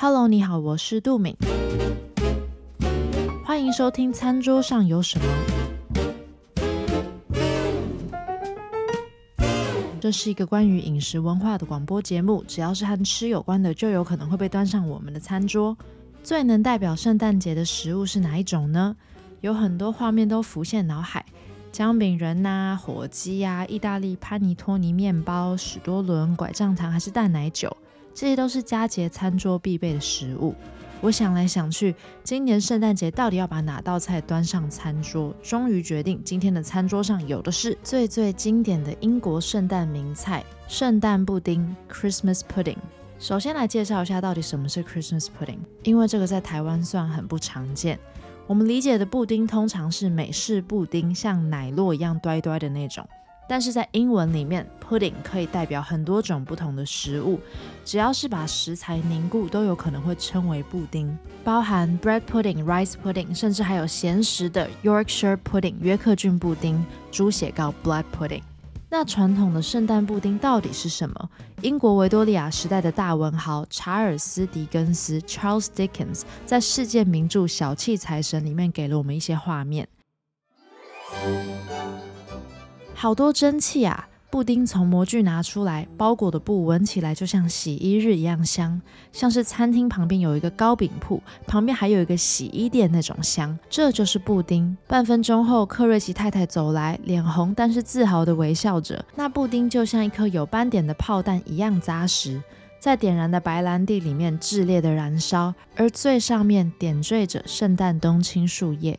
Hello，你好，我是杜敏，歡迎收聽《餐桌上有什麼》。這是一個關於飲食文化的廣播節目，只要是和吃有關的，就有可能會被端上我們的餐桌。最能代表聖誕節的食物是哪一種呢？有很多畫面都浮現腦海：薑餅人吶、啊，火雞呀、啊，意大利潘尼托尼麵包，史多倫，拐杖糖，還是蛋奶酒？這些都是佳節餐桌必備的食物。我想來想去，今年聖誕節到底要把哪道菜端上餐桌？終於決定，今天的餐桌上有的是最最經典的英國聖誕名菜——聖誕布丁 （Christmas Pudding）。首先來介紹一下到底什麼是 Christmas Pudding，因為這個在台灣算很不常見。我們理解的布丁通常是美式布丁，像奶酪一樣呆呆的那種。但是在英文裡面，pudding 可以代表很多種不同的食物，只要是把食材凝固，都有可能會稱為布丁，包含 bread pudding、rice pudding，甚至還有鹹食的 Yorkshire pudding（ 約克郡布丁）、豬血糕 （black pudding）。那傳統的聖誕布丁到底是什麼？英國維多利亞時代的大文豪查爾斯·狄更斯 （Charles Dickens） 在世界名著《小氣財神》裡面給了我們一些畫面。好多蒸汽啊！布丁從模具拿出來，包裹的布聞起來就像洗衣日一樣香，像是餐廳旁邊有一個糕餅鋪，旁邊還有一個洗衣店那種香。這就是布丁。半分鐘後，克瑞奇太太走來，臉紅但是自豪地微笑着。那布丁就像一顆有斑點的炮彈一樣扎實，在點燃的白蘭地裡面熾烈的燃燒，而最上面點綴着聖誕冬青樹葉。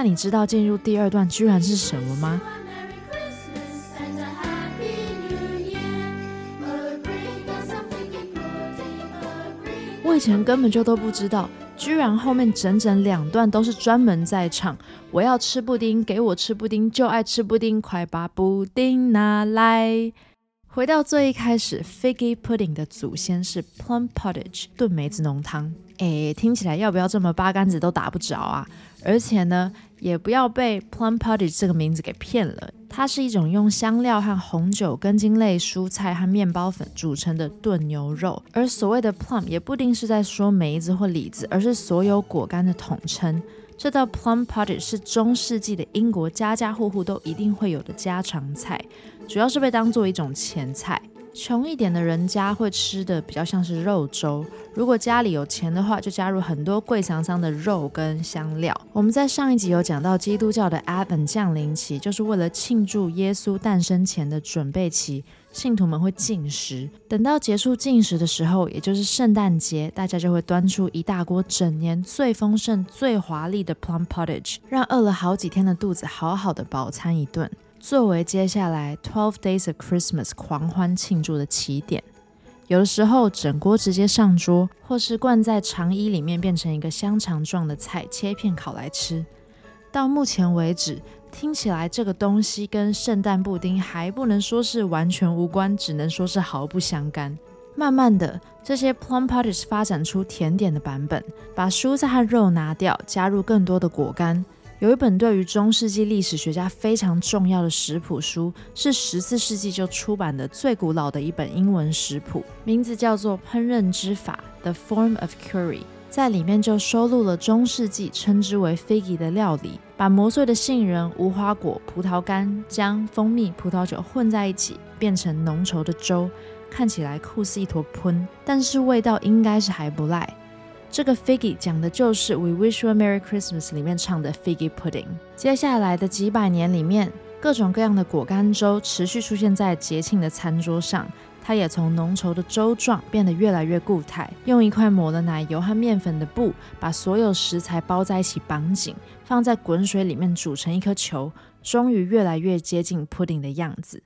那你知道進入第二段居然是什麼嗎？我以前根本就都不知道，居然後面整整兩段都是專門在唱，我要吃布丁，給我吃布丁，就愛吃布丁，快把布丁拿來。回到最一開始，figgy pudding 的祖先是 plum pottage 燉梅子濃湯。哎、欸，聽起來要不要這麼八竿子都打不着啊？而且呢？也不要被 plum pottage 這個名字給騙了，它是一種用香料和紅酒、根莖類蔬菜和麵包粉組成的燉牛肉。而所謂的 plum 也不不定是在說梅子或李子，而是所有果乾的統稱。這道 plum pottage 是中世紀的英國家家戶戶都一定會有的家常菜，主要是被當做一種前菜。窮一點的人家會吃的比較像是肉粥，如果家裡有錢的話，就加入很多貴桑桑的肉跟香料。我們在上一集有講到基督教的 Advent 降臨期，就是為了慶祝耶穌誕生前的準備期，信徒們會進食。等到結束進食的時候，也就是聖誕節，大家就會端出一大鍋整年最豐盛、最豐盛，最華麗的 Plum Pottage，讓餓了好幾天的肚子好好的飽餐一頓。作為接下來 Twelve Days of Christmas 狂歡慶祝的起點，有的時候整鍋直接上桌，或是灌在腸衣裡面變成一個香腸狀的菜，切片烤來吃。到目前為止，聽起來這個東西跟聖誕布丁還不能說是完全無關，只能說是毫不相干。慢慢的，這些 Plum Puddings 發展出甜點的版本，把蔬菜和肉拿掉，加入更多的果乾。有一本對於中世紀歷史學家非常重要的食譜書，是十四世紀就出版的最古老的一本英文食譜，名字叫做《烹飪之法》（The Form of Curry）。在裡面就收錄了中世紀稱之為 “figgy” 的料理，把磨碎的杏仁、無花果、葡萄乾、薑、蜂蜜、葡萄酒混在一起，變成濃稠的粥，看起來酷似一坨噴，但是味道應該是還不賴。這個 figgy 講的就是《We Wish You a Merry Christmas》裡面唱的 figgy pudding。接下來的幾百年裡面，各種各樣的果乾粥持續出現在節慶的餐桌上。它也從濃稠的粥狀變得越來越固態。用一塊抹了奶油和麵粉的布，把所有食材包在一起，綁緊，放在滾水裡面煮成一顆球，終於越來越接近 pudding 的樣子。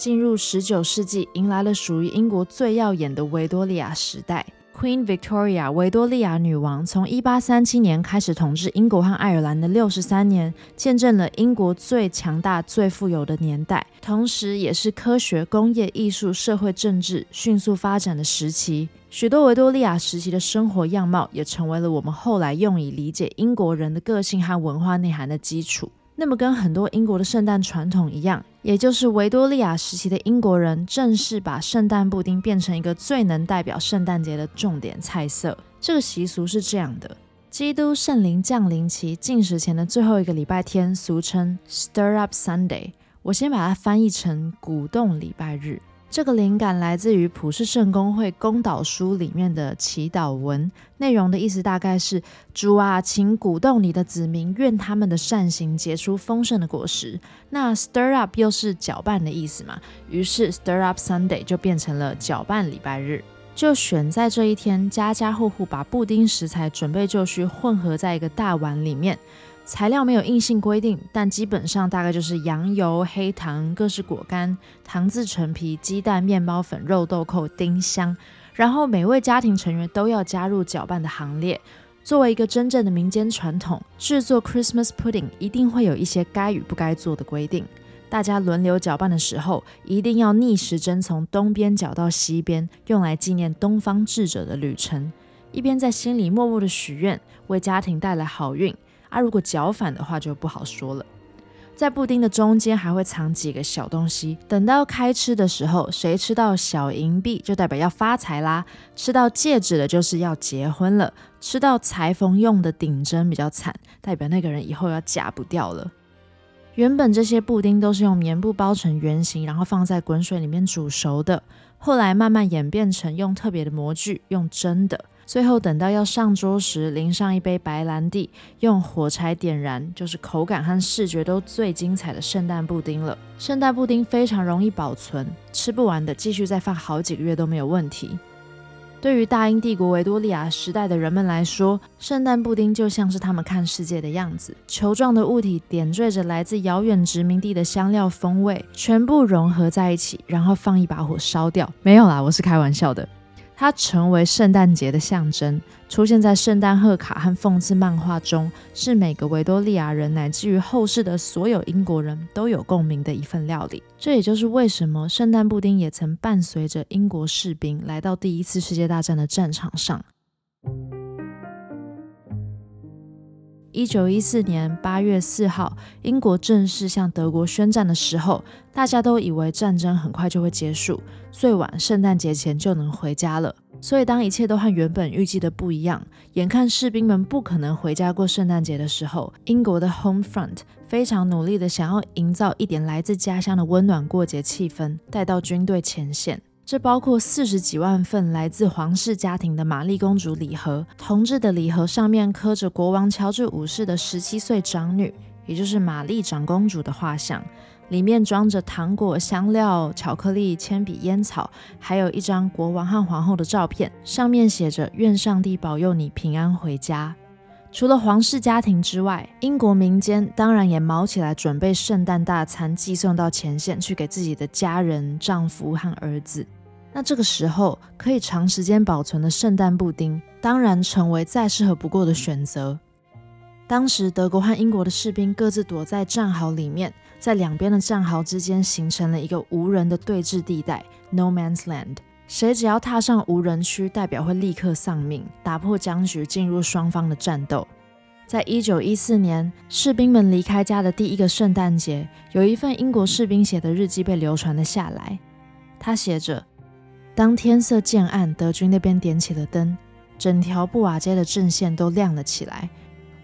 進入十九世紀，迎來了屬於英國最耀眼的維多利亞時代。Queen Victoria，維多利亞女王，從一八三七年開始統治英國和愛爾蘭的六十三年，見證了英國最強大、最富有的年代，同時也是科學、工業、藝術、社會、政治迅速發展的時期。許多維多利亞時期的生活樣貌，也成為了我們後來用以理解英國人的個性和文化內涵的基礎。那麼，跟很多英國的聖誕傳統一樣，也就是維多利亞時期的英國人正式把聖誕布丁變成一個最能代表聖誕節的重點菜色。這個習俗是這樣的：基督聖靈降臨期進食前的最後一個禮拜天，俗稱 Stir Up Sunday，我先把它翻譯成“鼓動禮拜日”。這個靈感來自於普世聖公會公禱書裡面的祈禱文，內容的意思大概是：主啊，請鼓動你的子民，願他們的善行結出豐盛的果實。那 stir up 又是攪拌的意思嘛，於是 stir up Sunday 就變成了攪拌禮拜日，就選在這一天，家家戶戶把布丁食材準備就緒，混合在一個大碗裡面。材料沒有硬性規定，但基本上大概就是羊油、黑糖、各式果乾、糖漬陳皮、雞蛋、麵包粉、肉豆蔻、丁香。然後每位家庭成員都要加入攪拌的行列。作為一個真正的民間傳統，製作 Christmas pudding 一定會有一些該與不該做的規定。大家輪流攪拌的時候，一定要逆時針從東邊攪到西邊，用來紀念東方智者的旅程。一邊在心裡默默的許願，為家庭帶來好運。啊，如果攪反的話就不好說了。在布丁的中間還會藏幾個小東西，等到開吃的時候，誰吃到小銀幣就代表要發財啦；吃到戒指的就是要結婚了；吃到裁縫用的頂針比較慘，代表那個人以後要嫁不掉了。原本這些布丁都是用棉布包成圓形，然後放在滾水裡面煮熟的，後來慢慢演變成用特別的模具，用蒸的。最後等到要上桌時，淋上一杯白蘭地，用火柴點燃，就是口感和視覺都最精彩的聖誕布丁了。聖誕布丁非常容易保存，吃不完的繼續再放好幾個月都沒有問題。對於大英帝國維多利亞時代的人們來說，聖誕布丁就像是他們看世界的樣子。球狀的物體點綴着來自遙遠殖民地的香料風味，全部融合在一起，然後放一把火燒掉。沒有啦，我是開玩笑的。它成為聖誕節的象徵，出現在聖誕賀卡和諷刺漫畫中，是每個維多利亞人乃至於後世的所有英國人都有共鳴的一份料理。這也就是為什麼聖誕布丁也曾伴隨着英國士兵來到第一次世界大戰的戰場上。一九一四年八月四號，英國正式向德國宣戰的時候，大家都以為戰爭很快就會結束，最晚聖誕節前就能回家了。所以，當一切都和原本預計的不一樣，眼看士兵們不可能回家過聖誕節的時候，英國的 Home Front 非常努力的想要營造一點來自家鄉的溫暖過節氣氛，帶到軍隊前線。這包括四十幾萬份來自皇室家庭的瑪麗公主禮盒，銅製的禮盒上面刻着國王喬治五世的十七歲長女，也就是瑪麗長公主的畫像，裡面裝着糖果、香料、巧克力、鉛筆、煙草，還有一張國王和皇後的照片，上面寫着“願上帝保佑你平安回家”。除了皇室家庭之外，英國民間當然也卯起來準備聖誕大餐，寄送到前線去給自己的家人、丈夫和兒子。那這個時候可以長時間保存的聖誕布丁，當然成為再適合不過的選擇。當時德國和英國的士兵各自躲在戰壕裡面，在兩邊的戰壕之間形成了一個無人的對峙地帶 （No Man's Land）。誰只要踏上無人區，代表會立刻喪命，打破僵局，進入雙方的戰鬥。在一九一四年，士兵們離開家的第一個聖誕節，有一份英國士兵寫的日記被流傳了下來。他寫着。當天色漸暗，德軍那邊點起了燈，整條布瓦街的陣線都亮了起來。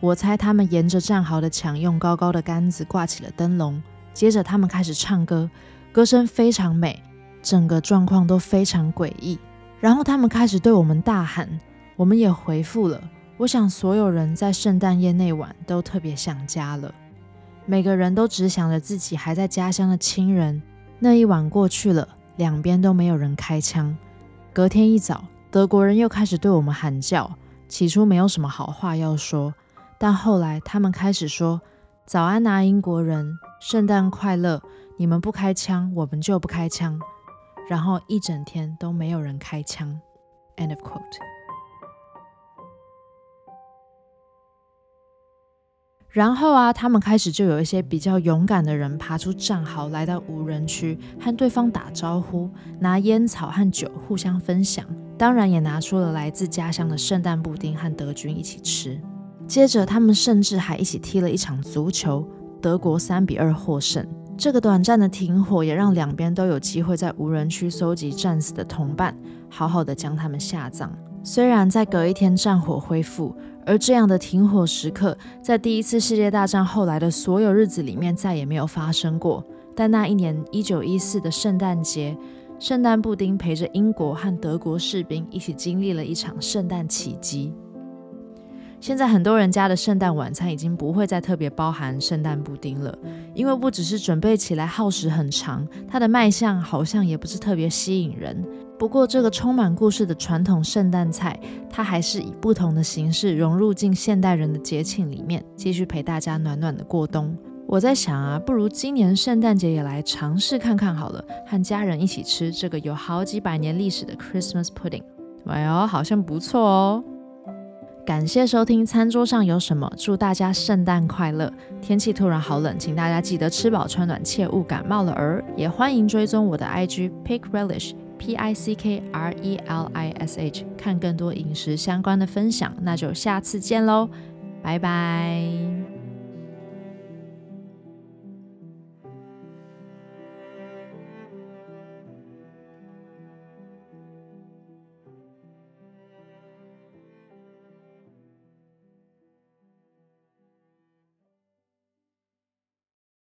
我猜他們沿着戰壕的牆用高高的杆子掛起了燈籠，接着他們開始唱歌，歌聲非常美，整個狀況都非常詭異。然後他們開始對我們大喊，我們也回覆了。我想所有人在聖誕夜那晚都特別想家了，每個人都只想着自己還在家鄉的親人。那一晚過去了。兩邊都沒有人開槍。隔天一早，德國人又開始對我們喊叫。起初沒有什麼好話要說，但後來他們開始說：“早安哪，英國人，聖誕快樂！你們不開槍，我們就不開槍。”然後一整天都沒有人開槍。End of quote. 然後啊，他們開始就有一些比較勇敢的人爬出戰壕，來到無人區，和對方打招呼，拿煙草和酒互相分享，當然也拿出了來自家鄉的聖誕布丁和德軍一起吃。接着，他們甚至還一起踢了一場足球，德國三比二獲勝。這個短暫的停火也讓兩邊都有機會在無人區蒐集戰死的同伴，好好的將他們下葬。雖然在隔一天戰火恢復，而這樣的停火時刻，在第一次世界大戰後來的所有日子裡面再也沒有發生過，但那一年一九一四的聖誕節，聖誕布丁陪着英國和德國士兵一起經歷了一場聖誕奇蹟。現在很多人家的聖誕晚餐已經不會再特別包含聖誕布丁了，因為不只是準備起來耗時很長，它的賣相好像也不是特別吸引人。不過，這個充滿故事的傳統聖誕菜，它還是以不同的形式融入進現代人的節慶裡面，繼續陪大家暖暖的過冬。我在想啊，不如今年聖誕節也來嘗試看看好了，和家人一起吃這個有好幾百年歷史的 Christmas Pudding。哎呦，好像不錯哦。感謝收聽《餐桌上有什麼》，祝大家聖誕快樂！天氣突然好冷，請大家記得吃飽穿暖，切勿感冒了。而也歡迎追蹤我的 IG pickrelish P I C K R E L I S H，看更多飲食相關的分享，那就下次見嘍，拜拜。